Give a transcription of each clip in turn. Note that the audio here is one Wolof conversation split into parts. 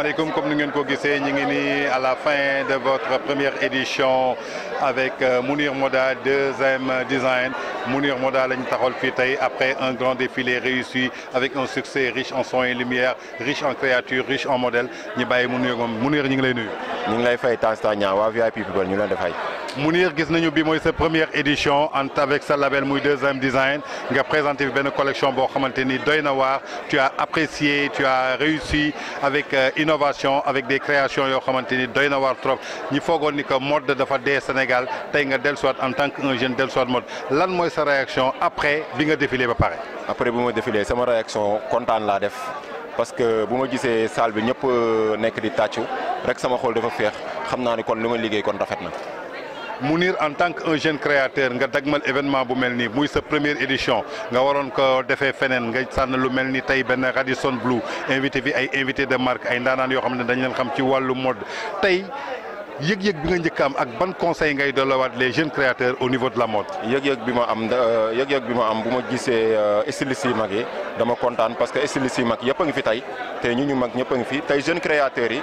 alaikum. comme nous ngeen ko nous sommes à la fin de votre première édition avec euh, Mounir Moda deuxième design Mounir Moda lañ taxawal fii après un grand défilé réussi avec un succès riche en son et lumière riche en créatures, riche en modèles. Nous bàyyi Mounir à Mounir Mounir, ngi lay nuyu. ñu ngi lay fay VIP People ñu fay. Mounir gis nañu bi mooy sa première édition en avec sa label muy deuxième m Design nga présenté une belle collection boo xamante ni doy tu as apprécié tu as réussi avec euh, innovation avec des créations yoo xamante ni doy na waar trop ñi foogoon ni que mode dafa dee Sénégal tey nga dellu en tant que jeune dellu soit mode lan mooy sa réaction après bi nga défilé ba pare. après bi ma défilé sama réaction kontaan laa def parce que bu ma gisee salle bi ñëpp euh, nekk di tàccu rek sama xol dafa féex xam naa ni kon li ma liggéey kon rafet na. Mounir en tant qu'un jeune créateur nga dagmal événement bu mel nii muy sa première édition nga waroon ko defee feneen nga sànn lu mel ni tey Radisson Blue, invité bi ay invité de marque ay ndaanaan yoo xam ne dañ leen xam ci wàllu mode tey yëg-yëg bi nga njëkk am ak ban conseil ngay dolawaat les jeunes créateurs au niveau de la mode. yëg-yëg bi ma am euh, yëg-yëg bi ma am buma gissé gisee euh, yi mag yi dama contane parce que styliste yi mag yëpp nga fi tay té ñu ñu mag ñëpp nga fi tay jeunes créateurs yi.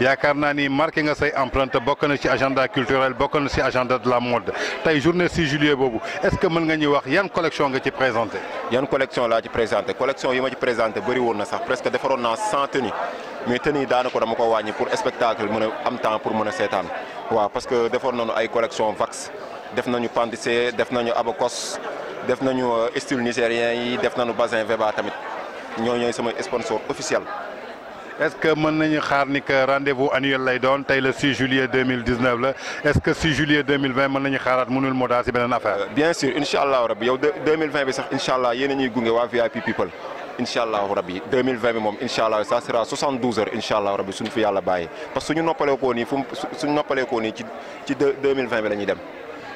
yakarna ni marqué nga say empreinte bokk na ci agenda culturel bokk na ci agenda de la mode tay journée 6 juillet bobu est-ce que mën nga ñuy wax yane collection nga ci présenter yane collection la ci présenter collection yi ma ci présenter bari woon na sax presque defaroon na 100 tenues mais tenues daanaka dama ko wañi pour spectacle mën am temps pour mën sétane wa parce que defoon nañu ay collection vax def nañu pantissé def nañu abakos def nañu euh, style nigérien yi def nañu bazin Veba tamit ñoy ñoy sama sponsor officiel est-ce que mën nañu un rendez-vous annuel lay le 6 juillet 2019 est-ce que 6 juillet 2020 mën nañu xaaraat mënul moo daal affaire. Euh, bien sûr Inch'Allah. Rabbi. 2020 Inch'Allah, sax y a ñuy gens VIP people Inshallah, 2020 bi ça sera 72 heures Inshallah, Rabbi. Nous suñu fi yàlla parce que nous n'avons pas les fu Nous n'avons pas les ci 2020 bi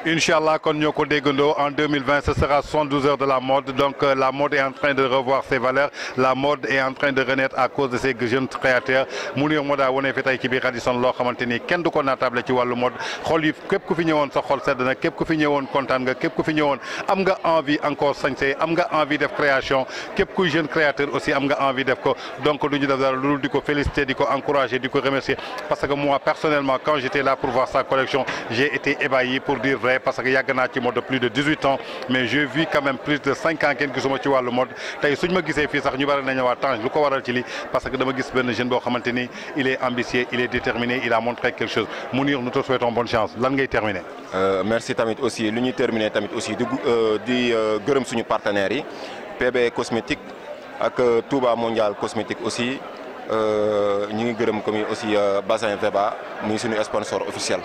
Inch'Allah, comme nous en 2020, ce sera 112 heures de la mode. Donc euh, la mode est en train de revoir ses valeurs. La mode est en train de renaître à cause de ces jeunes créateurs. Mounir Moda, on est fait avec Ibi Radisson Lo Khamantini. Ken du kon ci walu mode. Xol yi kep ku fi ñewon sa xol sedd kep ku fi ñewon contane nga, kep ku fi envie encore sañsé, am nga envie de création. Kep ku jeunes créateur aussi am nga envie def ko. Donc duñu def dara lolu diko féliciter, diko encourager, diko remercier parce que moi personnellement quand j'étais là pour voir sa collection, j'ai été ébahi pour dire vrai parce que yagna ci mode plus de 18 ans mais j'ai vu quand même plus de 5 ans kenn gisuma ci walu mode tay suñu ma gisé fi sax ñu bari nañu waa Tange lu ko waral ci li parce que dama gis ben jeune bo xamanteni il est ambitieux il est déterminé il a montré quelque chose Munir, nous te souhaitons bonne chance lan ngay terminer. Euh, merci tamit aussi lu ñuy terminer tamit aussi di euh, di euh, gëreum suñu partenaire yi PB cosmétique ak Touba Mondial cosmétique aussi. ñu ngi gëreum comme aussi Bassin Veba muy suñu sponsor officiel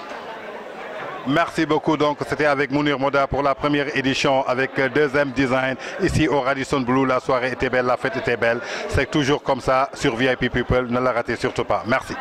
Merci beaucoup. Donc, c'était avec Mounir Moda pour la première édition avec euh, deuxième design ici au Radisson Blue. La soirée était belle, la fête était belle. C'est toujours comme ça sur VIP People. Ne la ratez surtout pas. Merci.